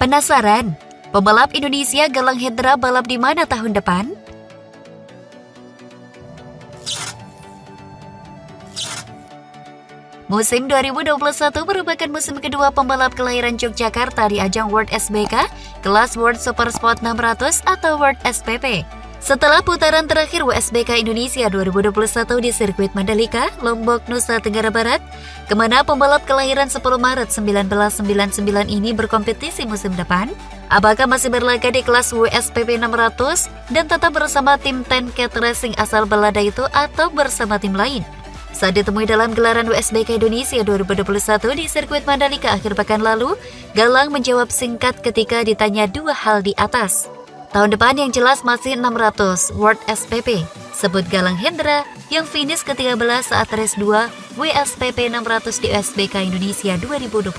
Penasaran? Pembalap Indonesia Galang Hendra balap di mana tahun depan? Musim 2021 merupakan musim kedua pembalap kelahiran Yogyakarta di ajang World SBK, kelas World Super Sport 600 atau World SPP. Setelah putaran terakhir WSBK Indonesia 2021 di sirkuit Mandalika, Lombok, Nusa Tenggara Barat, kemana pembalap kelahiran 10 Maret 1999 ini berkompetisi musim depan? Apakah masih berlaga di kelas WSPP 600 dan tetap bersama tim Ten Cat Racing asal Belanda itu atau bersama tim lain? Saat ditemui dalam gelaran WSBK Indonesia 2021 di sirkuit Mandalika akhir pekan lalu, Galang menjawab singkat ketika ditanya dua hal di atas. Tahun depan yang jelas masih 600 World SPP, sebut Galang Hendra yang finish ke-13 saat race 2 WSPP 600 di USBK Indonesia 2021.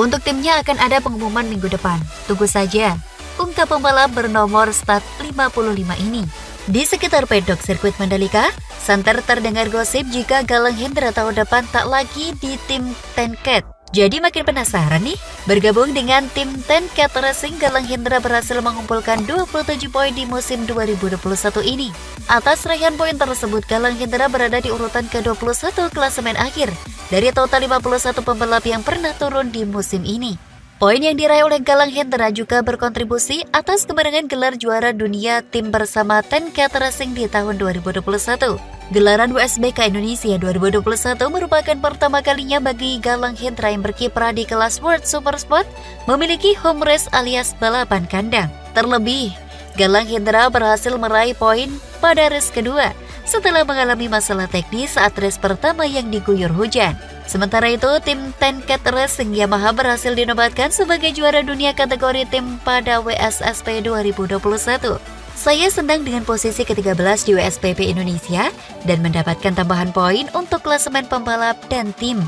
Untuk timnya akan ada pengumuman minggu depan. Tunggu saja. Ungkap pembalap bernomor start 55 ini. Di sekitar pedok sirkuit Mandalika, santer terdengar gosip jika Galang Hendra tahun depan tak lagi di tim Tenket jadi makin penasaran nih? Bergabung dengan tim Ten Cat Racing, Galang Hendra berhasil mengumpulkan 27 poin di musim 2021 ini. Atas raihan poin tersebut, Galang Hendra berada di urutan ke-21 klasemen akhir dari total 51 pembalap yang pernah turun di musim ini. Poin yang diraih oleh Galang Hendra juga berkontribusi atas kemenangan gelar juara dunia tim bersama Ten Cat Racing di tahun 2021. Gelaran WSBK Indonesia 2021 merupakan pertama kalinya bagi Galang Hendra yang berkiprah di kelas World Super Sport memiliki home race alias balapan kandang. Terlebih, Galang Hendra berhasil meraih poin pada race kedua setelah mengalami masalah teknis saat race pertama yang diguyur hujan. Sementara itu, tim Tenket Racing Yamaha berhasil dinobatkan sebagai juara dunia kategori tim pada WSSP 2021. Saya sedang dengan posisi ke-13 di USPP Indonesia dan mendapatkan tambahan poin untuk klasemen pembalap dan tim.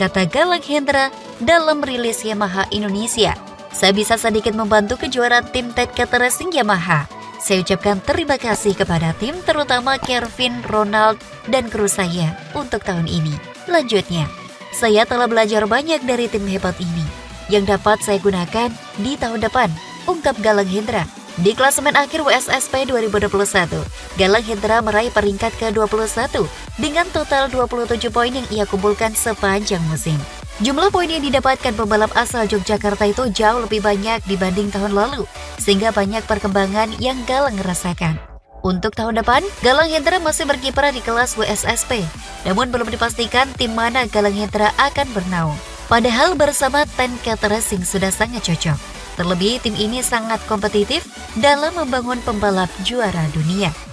Kata Galang Hendra dalam rilis Yamaha Indonesia. Saya bisa sedikit membantu kejuaraan tim Ted Racing Yamaha. Saya ucapkan terima kasih kepada tim terutama Kevin Ronald, dan kru saya untuk tahun ini. Lanjutnya, saya telah belajar banyak dari tim hebat ini yang dapat saya gunakan di tahun depan, ungkap Galang Hendra. Di klasemen akhir WSSP 2021, Galang Hendra meraih peringkat ke-21 dengan total 27 poin yang ia kumpulkan sepanjang musim. Jumlah poin yang didapatkan pembalap asal Yogyakarta itu jauh lebih banyak dibanding tahun lalu, sehingga banyak perkembangan yang Galang rasakan. Untuk tahun depan, Galang Hendra masih berkiprah di kelas WSSP, namun belum dipastikan tim mana Galang Hendra akan bernaung. Padahal bersama Ten Racing sudah sangat cocok. Terlebih, tim ini sangat kompetitif dalam membangun pembalap juara dunia.